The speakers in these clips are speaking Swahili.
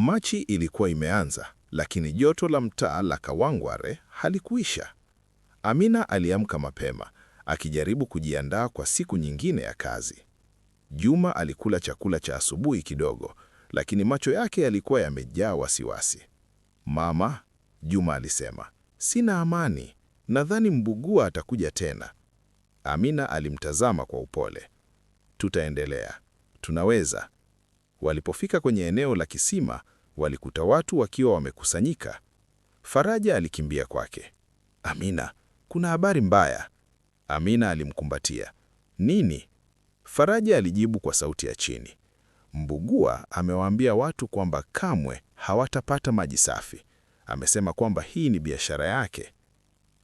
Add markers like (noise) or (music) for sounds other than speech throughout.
Machi ilikuwa imeanza, lakini joto la mtaa la Kawangware halikuisha. Amina aliamka mapema akijaribu kujiandaa kwa siku nyingine ya kazi. Juma alikula chakula cha asubuhi kidogo, lakini macho yake yalikuwa yamejaa wasiwasi. Mama, Juma alisema, sina amani, nadhani Mbugua atakuja tena. Amina alimtazama kwa upole. Tutaendelea, tunaweza, Walipofika kwenye eneo la kisima, walikuta watu wakiwa wamekusanyika. Faraja alikimbia kwake. Amina, kuna habari mbaya. Amina alimkumbatia. Nini? Faraja alijibu kwa sauti ya chini. Mbugua amewaambia watu kwamba kamwe hawatapata maji safi. Amesema kwamba hii ni biashara yake.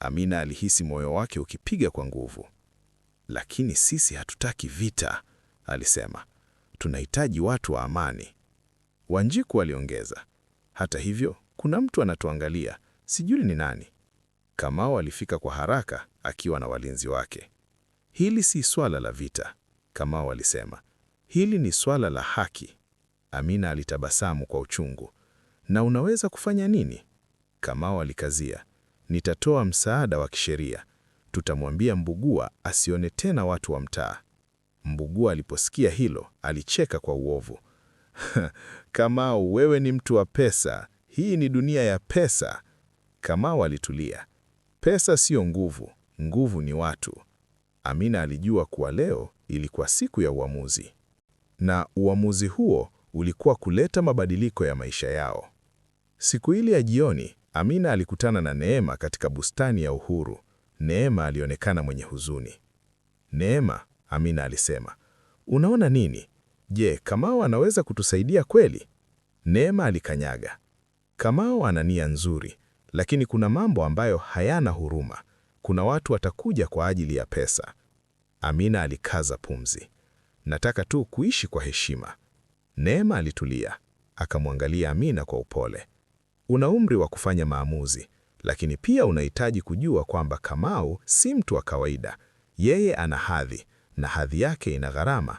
Amina alihisi moyo wake ukipiga kwa nguvu. Lakini sisi hatutaki vita, alisema tunahitaji watu wa amani. Wanjiku aliongeza, hata hivyo kuna mtu anatuangalia, sijui ni nani. Kamau alifika kwa haraka akiwa na walinzi wake. Hili si swala la vita, Kamau alisema, hili ni swala la haki. Amina alitabasamu kwa uchungu. Na unaweza kufanya nini? Kamau alikazia, nitatoa msaada wa kisheria, tutamwambia Mbugua asione tena watu wa mtaa, Mbugua aliposikia hilo alicheka kwa uovu. (laughs) Kamau, wewe ni mtu wa pesa, hii ni dunia ya pesa. Kamau alitulia. Pesa siyo nguvu, nguvu ni watu. Amina alijua kuwa leo ilikuwa siku ya uamuzi, na uamuzi huo ulikuwa kuleta mabadiliko ya maisha yao. Siku ile ya jioni, Amina alikutana na Neema katika bustani ya Uhuru. Neema alionekana mwenye huzuni. Neema, Amina alisema. Unaona nini? Je, Kamau anaweza kutusaidia kweli? Neema alikanyaga. Kamau ana nia nzuri, lakini kuna mambo ambayo hayana huruma. Kuna watu watakuja kwa ajili ya pesa. Amina alikaza pumzi. Nataka tu kuishi kwa heshima. Neema alitulia, akamwangalia Amina kwa upole. Una umri wa kufanya maamuzi, lakini pia unahitaji kujua kwamba Kamau si mtu wa kawaida. Yeye ana hadhi, na hadhi yake ina gharama.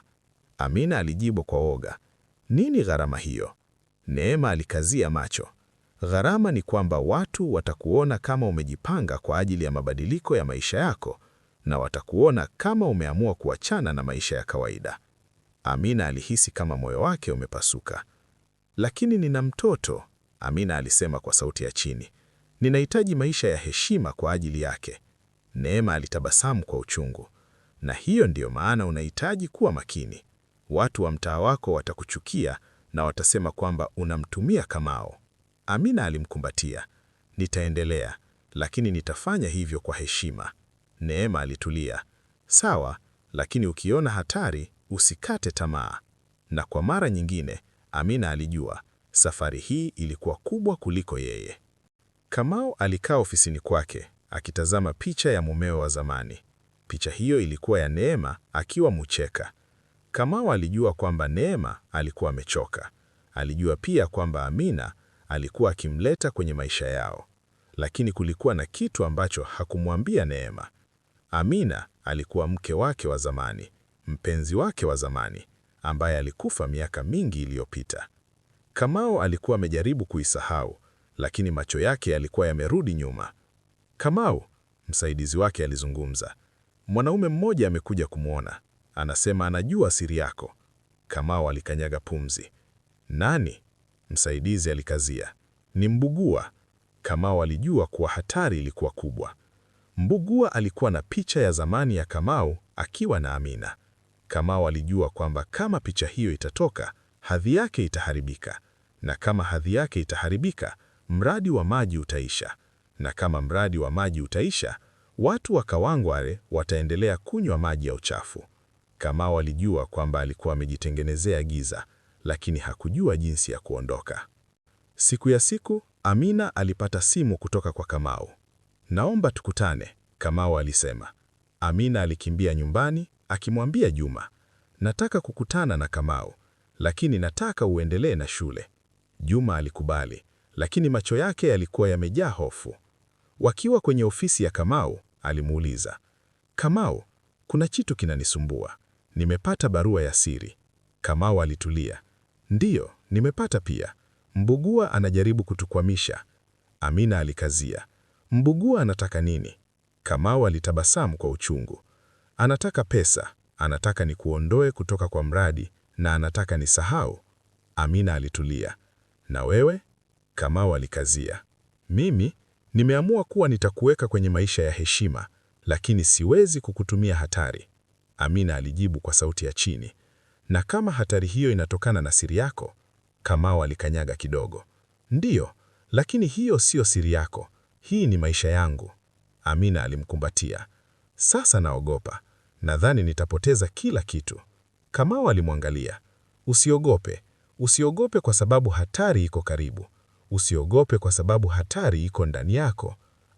Amina alijibu kwa woga, nini gharama hiyo? Neema alikazia macho. Gharama ni kwamba watu watakuona kama umejipanga kwa ajili ya mabadiliko ya maisha yako na watakuona kama umeamua kuachana na maisha ya kawaida. Amina alihisi kama moyo wake umepasuka. Lakini nina mtoto, Amina alisema kwa sauti ya chini. Ninahitaji maisha ya heshima kwa ajili yake. Neema alitabasamu kwa uchungu. Na hiyo ndiyo maana unahitaji kuwa makini. Watu wa mtaa wako watakuchukia na watasema kwamba unamtumia kamao. Amina alimkumbatia. Nitaendelea, lakini nitafanya hivyo kwa heshima. Neema alitulia. Sawa, lakini ukiona hatari usikate tamaa. Na kwa mara nyingine, Amina alijua safari hii ilikuwa kubwa kuliko yeye. Kamao alikaa ofisini kwake akitazama picha ya mumeo wa zamani. Picha hiyo ilikuwa ya Neema akiwa Mucheka. Kamau alijua kwamba Neema alikuwa amechoka. Alijua pia kwamba Amina alikuwa akimleta kwenye maisha yao, lakini kulikuwa na kitu ambacho hakumwambia Neema. Amina alikuwa mke wake wa zamani, mpenzi wake wa zamani ambaye alikufa miaka mingi iliyopita. Kamau alikuwa amejaribu kuisahau, lakini macho yake yalikuwa yamerudi nyuma. Kamau, msaidizi wake alizungumza, Mwanaume mmoja amekuja kumwona, anasema anajua siri yako. Kamau alikanyaga pumzi. Nani? Msaidizi alikazia. Ni Mbugua. Kamau alijua kuwa hatari ilikuwa kubwa. Mbugua alikuwa na picha ya zamani ya Kamau akiwa na Amina. Kamau alijua kwamba kama picha hiyo itatoka, hadhi yake itaharibika, na kama hadhi yake itaharibika, mradi wa maji utaisha, na kama mradi wa maji utaisha, Watu wa Kawangware wataendelea kunywa maji ya uchafu. Kamau alijua kwamba alikuwa amejitengenezea giza, lakini hakujua jinsi ya kuondoka. Siku ya siku, Amina alipata simu kutoka kwa Kamau. Naomba tukutane, Kamau alisema. Amina alikimbia nyumbani akimwambia Juma, nataka kukutana na Kamau, lakini nataka uendelee na shule. Juma alikubali, lakini macho yake yalikuwa yamejaa hofu. Wakiwa kwenye ofisi ya Kamau, alimuuliza Kamau, kuna kitu kinanisumbua, nimepata barua ya siri. Kamau alitulia, ndiyo nimepata pia, Mbugua anajaribu kutukwamisha. Amina alikazia, Mbugua anataka nini? Kamau alitabasamu kwa uchungu, anataka pesa, anataka nikuondoe kutoka kwa mradi na anataka nisahau. Amina alitulia, na wewe? Kamau alikazia, mimi Nimeamua kuwa nitakuweka kwenye maisha ya heshima, lakini siwezi kukutumia hatari, Amina alijibu kwa sauti ya chini. Na kama hatari hiyo inatokana na siri yako? Kamau alikanyaga kidogo. Ndiyo, lakini hiyo siyo siri yako, hii ni maisha yangu. Amina alimkumbatia. Sasa naogopa, nadhani nitapoteza kila kitu. Kamau alimwangalia. Usiogope, usiogope kwa sababu hatari iko karibu. Usiogope kwa sababu hatari iko ndani yako.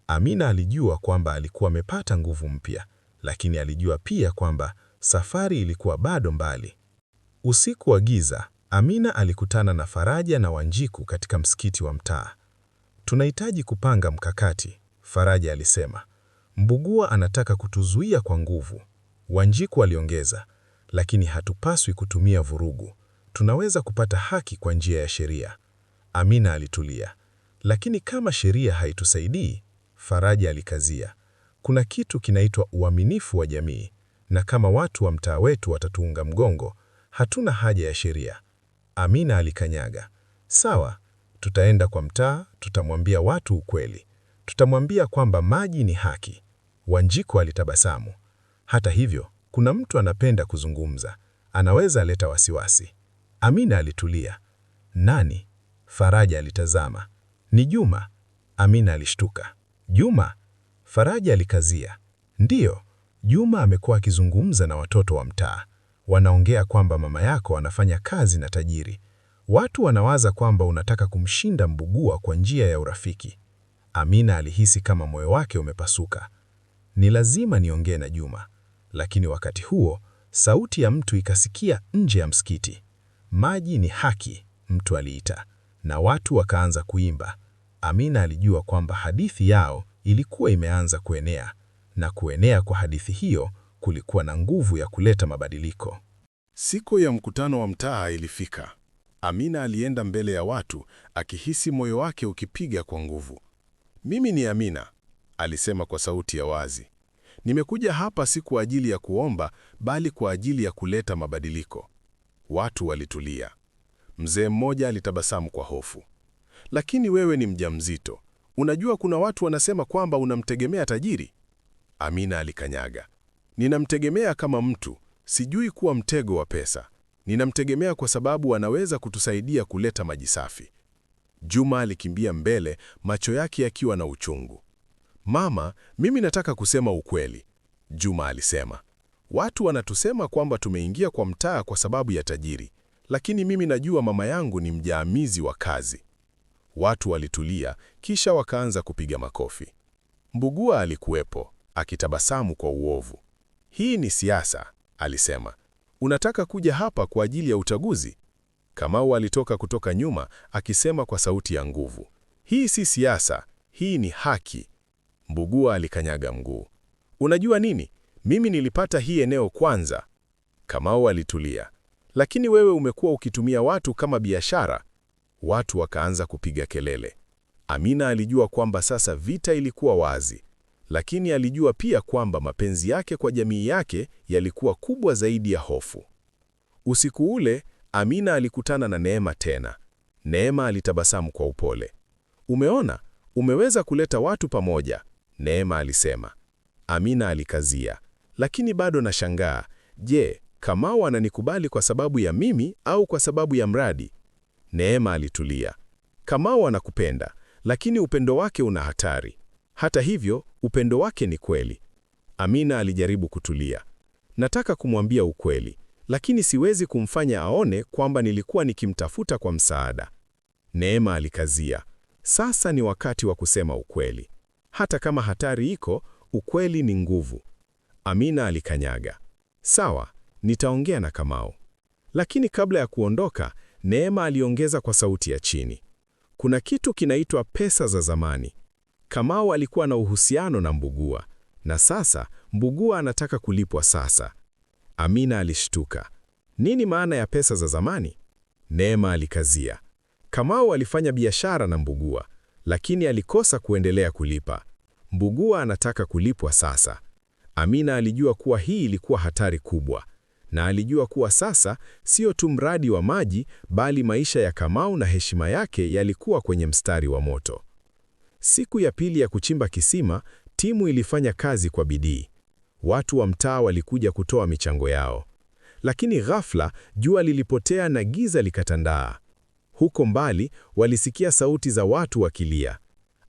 Amina alijua kwamba alikuwa amepata nguvu mpya, lakini alijua pia kwamba safari ilikuwa bado mbali. Usiku wa giza, Amina alikutana na Faraja na Wanjiku katika msikiti wa mtaa. Tunahitaji kupanga mkakati, Faraja alisema. Mbugua anataka kutuzuia kwa nguvu, Wanjiku aliongeza, lakini hatupaswi kutumia vurugu. Tunaweza kupata haki kwa njia ya sheria. Amina alitulia. Lakini kama sheria haitusaidii, Faraja alikazia, kuna kitu kinaitwa uaminifu wa jamii, na kama watu wa mtaa wetu watatuunga mgongo, hatuna haja ya sheria. Amina alikanyaga, sawa, tutaenda kwa mtaa, tutamwambia watu ukweli, tutamwambia kwamba maji ni haki. Wanjiko alitabasamu. Hata hivyo, kuna mtu anapenda kuzungumza, anaweza aleta wasiwasi. Amina alitulia. Nani? Faraja alitazama. Ni Juma. Amina alishtuka. Juma? Faraja alikazia. Ndiyo, Juma amekuwa akizungumza na watoto wa mtaa. Wanaongea kwamba mama yako anafanya kazi na tajiri. Watu wanawaza kwamba unataka kumshinda Mbugua kwa njia ya urafiki. Amina alihisi kama moyo wake umepasuka. Ni lazima niongee na Juma. Lakini wakati huo, sauti ya mtu ikasikia nje ya msikiti. Maji ni haki, mtu aliita na watu wakaanza kuimba. Amina alijua kwamba hadithi yao ilikuwa imeanza kuenea, na kuenea kwa hadithi hiyo kulikuwa na nguvu ya kuleta mabadiliko. Siku ya mkutano wa mtaa ilifika. Amina alienda mbele ya watu akihisi moyo wake ukipiga kwa nguvu. Mimi ni Amina, alisema kwa sauti ya wazi. Nimekuja hapa si kwa ajili ya kuomba, bali kwa ajili ya kuleta mabadiliko. Watu walitulia. Mzee mmoja alitabasamu kwa hofu. Lakini wewe ni mjamzito, unajua kuna watu wanasema kwamba unamtegemea tajiri. Amina alikanyaga. Ninamtegemea kama mtu, sijui kuwa mtego wa pesa. Ninamtegemea kwa sababu anaweza kutusaidia kuleta maji safi. Juma alikimbia mbele, macho yake yakiwa na uchungu. Mama, mimi nataka kusema ukweli, Juma alisema. Watu wanatusema kwamba tumeingia kwa mtaa kwa sababu ya tajiri lakini mimi najua mama yangu ni mjaamizi wa kazi. Watu walitulia, kisha wakaanza kupiga makofi. Mbugua alikuwepo akitabasamu kwa uovu. Hii ni siasa, alisema. Unataka kuja hapa kwa ajili ya uchaguzi? Kamau alitoka kutoka nyuma akisema kwa sauti ya nguvu, hii si siasa, hii ni haki. Mbugua alikanyaga mguu. Unajua nini? Mimi nilipata hii eneo kwanza. Kamau alitulia lakini wewe umekuwa ukitumia watu kama biashara. Watu wakaanza kupiga kelele. Amina alijua kwamba sasa vita ilikuwa wazi, lakini alijua pia kwamba mapenzi yake kwa jamii yake yalikuwa kubwa zaidi ya hofu. Usiku ule Amina alikutana na Neema tena. Neema alitabasamu kwa upole. Umeona, umeweza kuleta watu pamoja, Neema alisema. Amina alikazia, lakini bado nashangaa. Je, Kamau ananikubali kwa sababu ya mimi au kwa sababu ya mradi? Neema alitulia. Kamau anakupenda, lakini upendo wake una hatari. Hata hivyo, upendo wake ni kweli. Amina alijaribu kutulia. Nataka kumwambia ukweli, lakini siwezi kumfanya aone kwamba nilikuwa nikimtafuta kwa msaada. Neema alikazia. Sasa ni wakati wa kusema ukweli. Hata kama hatari iko, ukweli ni nguvu. Amina alikanyaga. Sawa, nitaongea na Kamau. Lakini kabla ya kuondoka, Neema aliongeza kwa sauti ya chini, kuna kitu kinaitwa pesa za zamani. Kamau alikuwa na uhusiano na Mbugua na sasa Mbugua anataka kulipwa sasa. Amina alishtuka, nini maana ya pesa za zamani? Neema alikazia, Kamau alifanya biashara na Mbugua lakini alikosa kuendelea kulipa. Mbugua anataka kulipwa sasa. Amina alijua kuwa hii ilikuwa hatari kubwa na alijua kuwa sasa sio tu mradi wa maji, bali maisha ya Kamau na heshima yake yalikuwa kwenye mstari wa moto. Siku ya pili ya kuchimba kisima, timu ilifanya kazi kwa bidii. Watu wa mtaa walikuja kutoa michango yao, lakini ghafla jua lilipotea na giza likatandaa. Huko mbali walisikia sauti za watu wakilia.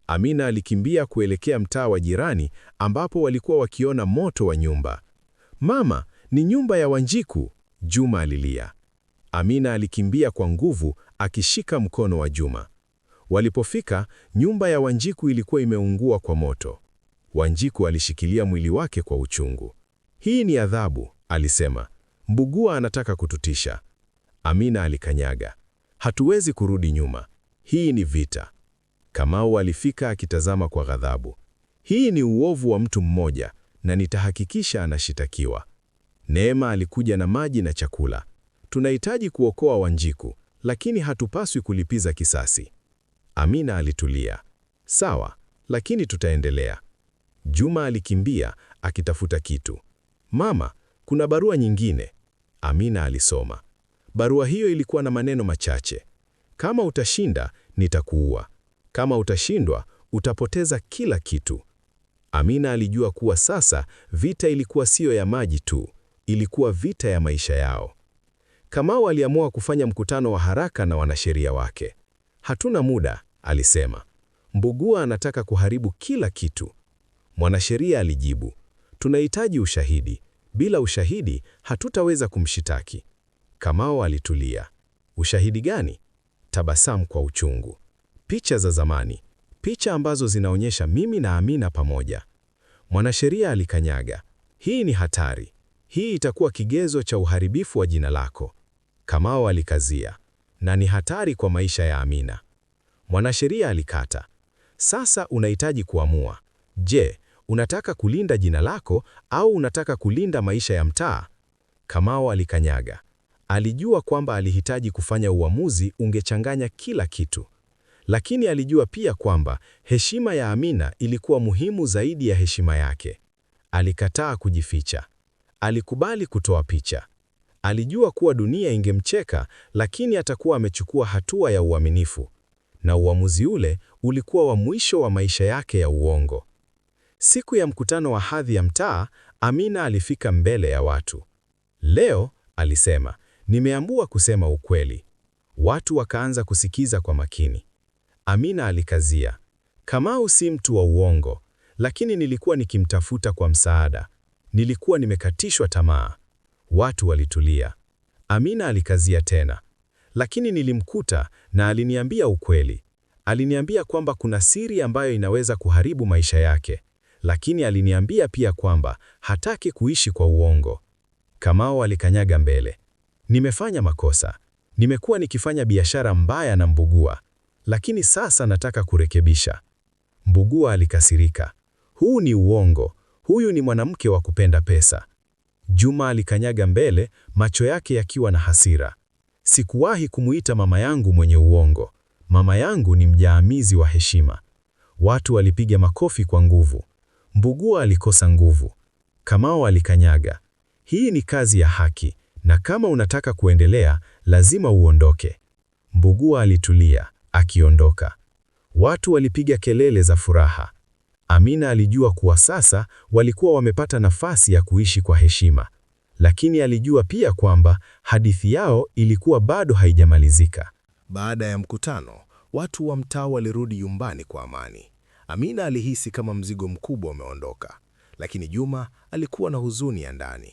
Amina alikimbia kuelekea mtaa wa jirani ambapo walikuwa wakiona moto wa nyumba. Mama, ni nyumba ya Wanjiku, Juma alilia. Amina alikimbia kwa nguvu akishika mkono wa Juma. Walipofika, nyumba ya Wanjiku ilikuwa imeungua kwa moto. Wanjiku alishikilia mwili wake kwa uchungu. Hii ni adhabu, alisema. Mbugua anataka kututisha. Amina alikanyaga. Hatuwezi kurudi nyuma. Hii ni vita. Kamau alifika akitazama kwa ghadhabu. Hii ni uovu wa mtu mmoja na nitahakikisha anashitakiwa. Neema alikuja na maji na chakula. Tunahitaji kuokoa Wanjiku, lakini hatupaswi kulipiza kisasi. Amina alitulia. Sawa, lakini tutaendelea. Juma alikimbia akitafuta kitu. Mama, kuna barua nyingine. Amina alisoma. Barua hiyo ilikuwa na maneno machache. Kama utashinda, nitakuua. Kama utashindwa, utapoteza kila kitu. Amina alijua kuwa sasa vita ilikuwa siyo ya maji tu ilikuwa vita ya maisha yao. Kamau aliamua kufanya mkutano wa haraka na wanasheria wake. Hatuna muda, alisema. Mbugua anataka kuharibu kila kitu. Mwanasheria alijibu, tunahitaji ushahidi. Bila ushahidi hatutaweza kumshitaki. Kamau alitulia. Ushahidi gani? Tabasamu kwa uchungu. Picha za zamani, picha ambazo zinaonyesha mimi na Amina pamoja. Mwanasheria alikanyaga, hii ni hatari. Hii itakuwa kigezo cha uharibifu wa jina lako. Kamau alikazia, na ni hatari kwa maisha ya Amina. Mwanasheria alikata. Sasa unahitaji kuamua. Je, unataka kulinda jina lako au unataka kulinda maisha ya mtaa? Kamau alikanyaga. Alijua kwamba alihitaji kufanya uamuzi ungechanganya kila kitu, lakini alijua pia kwamba heshima ya Amina ilikuwa muhimu zaidi ya heshima yake. Alikataa kujificha. Alikubali kutoa picha. Alijua kuwa dunia ingemcheka, lakini atakuwa amechukua hatua ya uaminifu, na uamuzi ule ulikuwa wa mwisho wa maisha yake ya uongo. Siku ya mkutano wa hadhi ya mtaa, Amina alifika mbele ya watu. Leo, alisema, nimeamua kusema ukweli. Watu wakaanza kusikiza kwa makini. Amina alikazia, Kamau si mtu wa uongo, lakini nilikuwa nikimtafuta kwa msaada. Nilikuwa nimekatishwa tamaa. Watu walitulia. Amina alikazia tena, lakini nilimkuta na aliniambia ukweli. Aliniambia kwamba kuna siri ambayo inaweza kuharibu maisha yake, lakini aliniambia pia kwamba hataki kuishi kwa uongo. Kamao alikanyaga mbele. Nimefanya makosa, nimekuwa nikifanya biashara mbaya na Mbugua, lakini sasa nataka kurekebisha. Mbugua alikasirika. Huu ni uongo, huyu ni mwanamke wa kupenda pesa. Juma alikanyaga mbele, macho yake yakiwa na hasira. Sikuwahi kumuita mama yangu mwenye uongo. Mama yangu ni mjaamizi wa heshima. Watu walipiga makofi kwa nguvu. Mbugua alikosa nguvu. Kamao alikanyaga. Hii ni kazi ya haki, na kama unataka kuendelea, lazima uondoke. Mbugua alitulia, akiondoka. Watu walipiga kelele za furaha. Amina alijua kuwa sasa walikuwa wamepata nafasi ya kuishi kwa heshima, lakini alijua pia kwamba hadithi yao ilikuwa bado haijamalizika. Baada ya mkutano, watu wa mtaa walirudi nyumbani kwa amani. Amina alihisi kama mzigo mkubwa umeondoka, lakini Juma alikuwa na huzuni ya ndani.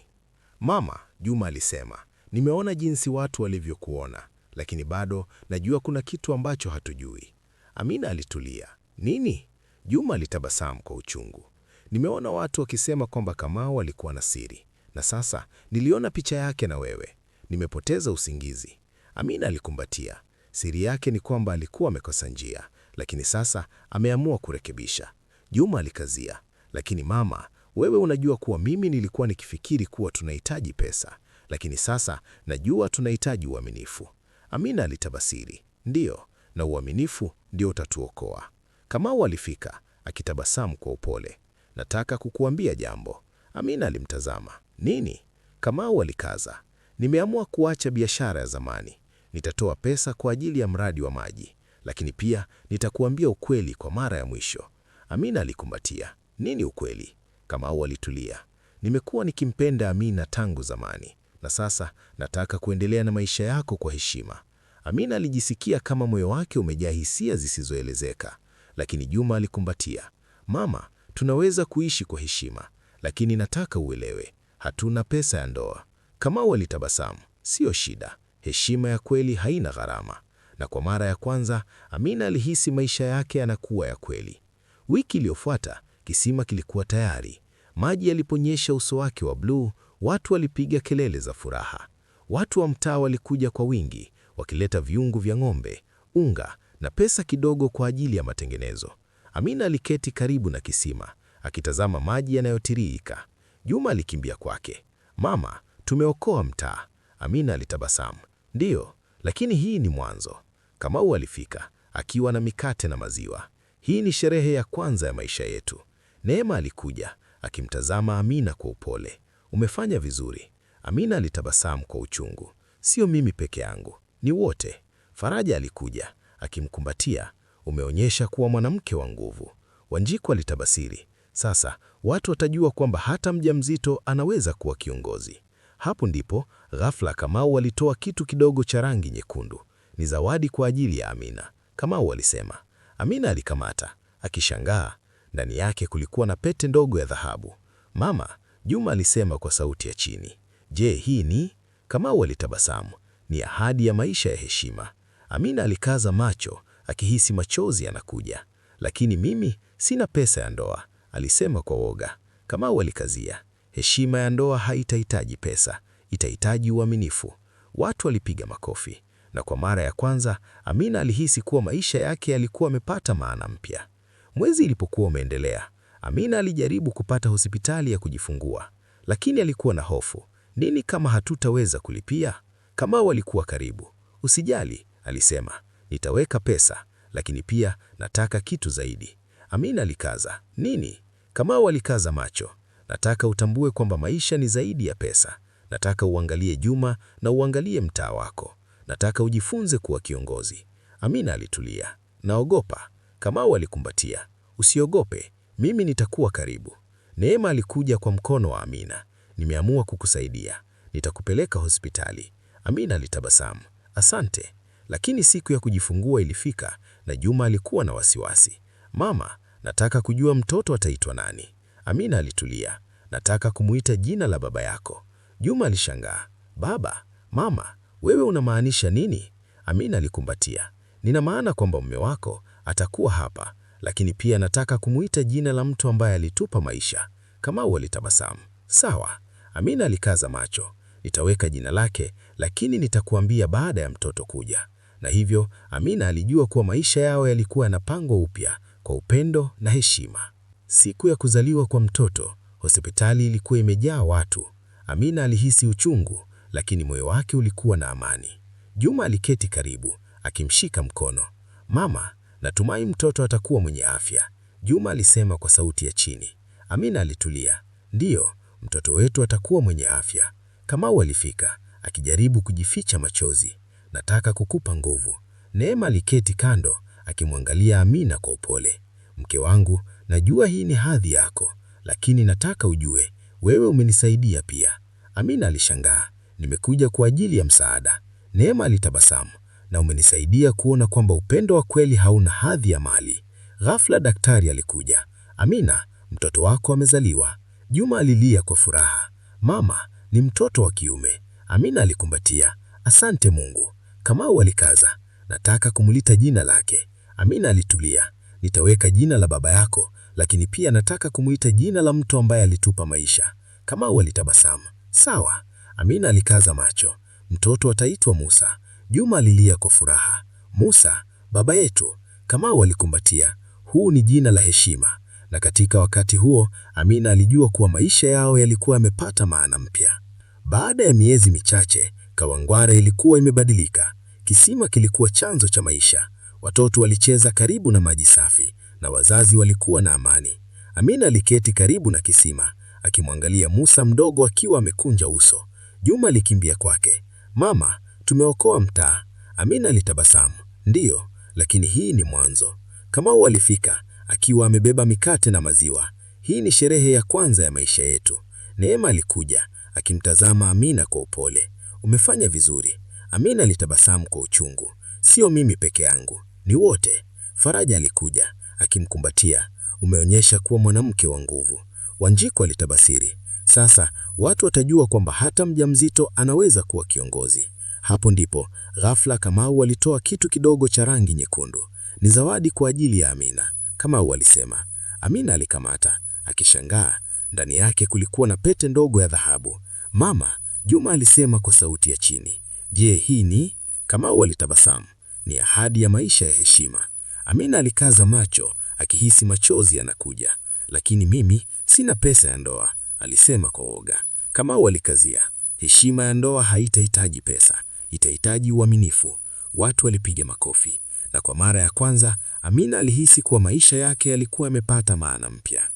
Mama, Juma alisema, nimeona jinsi watu walivyokuona, lakini bado najua kuna kitu ambacho hatujui. Amina alitulia. Nini? Juma alitabasamu kwa uchungu. Nimeona watu wakisema kwamba Kamau alikuwa na siri, na sasa niliona picha yake na wewe. Nimepoteza usingizi. Amina alikumbatia. Siri yake ni kwamba alikuwa amekosa njia, lakini sasa ameamua kurekebisha. Juma alikazia, lakini mama, wewe unajua kuwa mimi nilikuwa nikifikiri kuwa tunahitaji pesa, lakini sasa najua tunahitaji uaminifu. Amina alitabasiri. Ndiyo, na uaminifu ndio utatuokoa. Kamau alifika akitabasamu kwa upole. Nataka kukuambia jambo. Amina alimtazama. Nini? Kamau alikaza. Nimeamua kuacha biashara ya zamani. Nitatoa pesa kwa ajili ya mradi wa maji, lakini pia nitakuambia ukweli kwa mara ya mwisho. Amina alikumbatia. Nini ukweli? Kamau alitulia. Nimekuwa nikimpenda Amina tangu zamani, na sasa nataka kuendelea na maisha yako kwa heshima. Amina alijisikia kama moyo wake umejaa hisia zisizoelezeka lakini Juma alikumbatia. Mama, tunaweza kuishi kwa heshima, lakini nataka uelewe, hatuna pesa ya ndoa. Kamau alitabasamu, siyo shida, heshima ya kweli haina gharama. Na kwa mara ya kwanza Amina alihisi maisha yake yanakuwa ya kweli. Wiki iliyofuata kisima kilikuwa tayari. Maji yaliponyesha uso wake wa bluu, watu walipiga kelele za furaha. Watu wa mtaa walikuja kwa wingi wakileta viungu vya ng'ombe, unga na pesa kidogo kwa ajili ya matengenezo. Amina aliketi karibu na kisima akitazama maji yanayotiririka. Juma alikimbia kwake. Mama, tumeokoa mtaa. Amina alitabasamu. Ndiyo, lakini hii ni mwanzo. Kamau alifika akiwa na mikate na maziwa. Hii ni sherehe ya kwanza ya maisha yetu. Neema alikuja akimtazama Amina kwa upole. Umefanya vizuri. Amina alitabasamu kwa uchungu. Sio mimi peke yangu, ni wote. Faraja alikuja akimkumbatia. Umeonyesha kuwa mwanamke wa nguvu. Wanjiku alitabasiri. Sasa watu watajua kwamba hata mjamzito anaweza kuwa kiongozi. Hapo ndipo ghafla Kamau alitoa kitu kidogo cha rangi nyekundu. Ni zawadi kwa ajili ya Amina, Kamau alisema. Amina alikamata akishangaa. Ndani yake kulikuwa na pete ndogo ya dhahabu. Mama, Juma alisema kwa sauti ya chini, je, hii ni? Kamau alitabasamu. Ni ahadi ya maisha ya heshima. Amina alikaza macho akihisi machozi yanakuja. Lakini mimi sina pesa ya ndoa, alisema kwa woga. Kamau alikazia, heshima ya ndoa haitahitaji pesa, itahitaji uaminifu. Watu walipiga makofi, na kwa mara ya kwanza Amina alihisi kuwa maisha yake yalikuwa amepata maana mpya. Mwezi ilipokuwa umeendelea, Amina alijaribu kupata hospitali ya kujifungua, lakini alikuwa na hofu. Nini kama hatutaweza kulipia? Kamau alikuwa karibu. Usijali, alisema, nitaweka pesa, lakini pia nataka kitu zaidi. Amina alikaza, nini? Kamau alikaza macho. Nataka utambue kwamba maisha ni zaidi ya pesa. Nataka uangalie Juma na uangalie mtaa wako. Nataka ujifunze kuwa kiongozi. Amina alitulia. Naogopa. Kamau alikumbatia. Usiogope, mimi nitakuwa karibu. Neema alikuja kwa mkono wa Amina. Nimeamua kukusaidia, nitakupeleka hospitali. Amina alitabasamu. Asante. Lakini siku ya kujifungua ilifika na Juma alikuwa na wasiwasi. Mama, nataka kujua mtoto ataitwa nani? Amina alitulia. Nataka kumuita jina la baba yako. Juma alishangaa. Baba? Mama, wewe unamaanisha nini? Amina alikumbatia. Nina maana kwamba mume wako atakuwa hapa, lakini pia nataka kumuita jina la mtu ambaye alitupa maisha. Kamau alitabasamu. Sawa. Amina alikaza macho. Nitaweka jina lake, lakini nitakuambia baada ya mtoto kuja na hivyo Amina alijua kuwa maisha yao yalikuwa yanapangwa upya kwa upendo na heshima. Siku ya kuzaliwa kwa mtoto, hospitali ilikuwa imejaa watu. Amina alihisi uchungu, lakini moyo wake ulikuwa na amani. Juma aliketi karibu, akimshika mkono. Mama, natumai mtoto atakuwa mwenye afya, Juma alisema kwa sauti ya chini. Amina alitulia. Ndiyo, mtoto wetu atakuwa mwenye afya. Kamau alifika akijaribu kujificha machozi nataka kukupa nguvu. Neema aliketi kando akimwangalia Amina kwa upole. Mke wangu, najua hii ni hadhi yako, lakini nataka ujue wewe umenisaidia pia. Amina alishangaa, nimekuja kwa ajili ya msaada. Neema alitabasamu, na umenisaidia kuona kwamba upendo wa kweli hauna hadhi ya mali. Ghafla daktari alikuja. Amina, mtoto wako amezaliwa. Juma alilia kwa furaha. Mama, ni mtoto wa kiume. Amina alikumbatia. Asante Mungu. Kamau alikaza, nataka kumulita jina lake. Amina alitulia, nitaweka jina la baba yako, lakini pia nataka kumuita jina la mtu ambaye alitupa maisha. Kamau alitabasamu, sawa. Amina alikaza macho, mtoto ataitwa Musa. Juma alilia kwa furaha, Musa baba yetu. Kamau alikumbatia, huu ni jina la heshima. Na katika wakati huo Amina alijua kuwa maisha yao yalikuwa yamepata maana mpya. Baada ya miezi michache, Kawangware ilikuwa imebadilika. Kisima kilikuwa chanzo cha maisha. Watoto walicheza karibu na maji safi na wazazi walikuwa na amani. Amina aliketi karibu na kisima akimwangalia Musa mdogo akiwa amekunja uso. Juma alikimbia kwake. Mama, tumeokoa mtaa. Amina alitabasamu. Ndiyo, lakini hii ni mwanzo. Kamau alifika akiwa amebeba mikate na maziwa. Hii ni sherehe ya kwanza ya maisha yetu. Neema alikuja akimtazama Amina kwa upole. Umefanya vizuri, Amina alitabasamu kwa uchungu. Sio mimi peke yangu, ni wote. Faraja alikuja akimkumbatia. Umeonyesha kuwa mwanamke wa nguvu. Wanjiku alitabasiri. Sasa watu watajua kwamba hata mjamzito anaweza kuwa kiongozi. Hapo ndipo ghafla Kamau alitoa kitu kidogo cha rangi nyekundu. Ni zawadi kwa ajili ya Amina, Kamau alisema. Amina alikamata akishangaa. Ndani yake kulikuwa na pete ndogo ya dhahabu. Mama, Juma alisema kwa sauti ya chini. Je, hii ni? Kamau alitabasamu. Ni ahadi ya maisha ya heshima. Amina alikaza macho akihisi machozi yanakuja. Lakini mimi sina pesa ya ndoa, alisema kwa woga. Kamau alikazia, heshima ya ndoa haitahitaji pesa, itahitaji uaminifu. Watu walipiga makofi, na kwa mara ya kwanza Amina alihisi kuwa maisha yake yalikuwa yamepata maana mpya.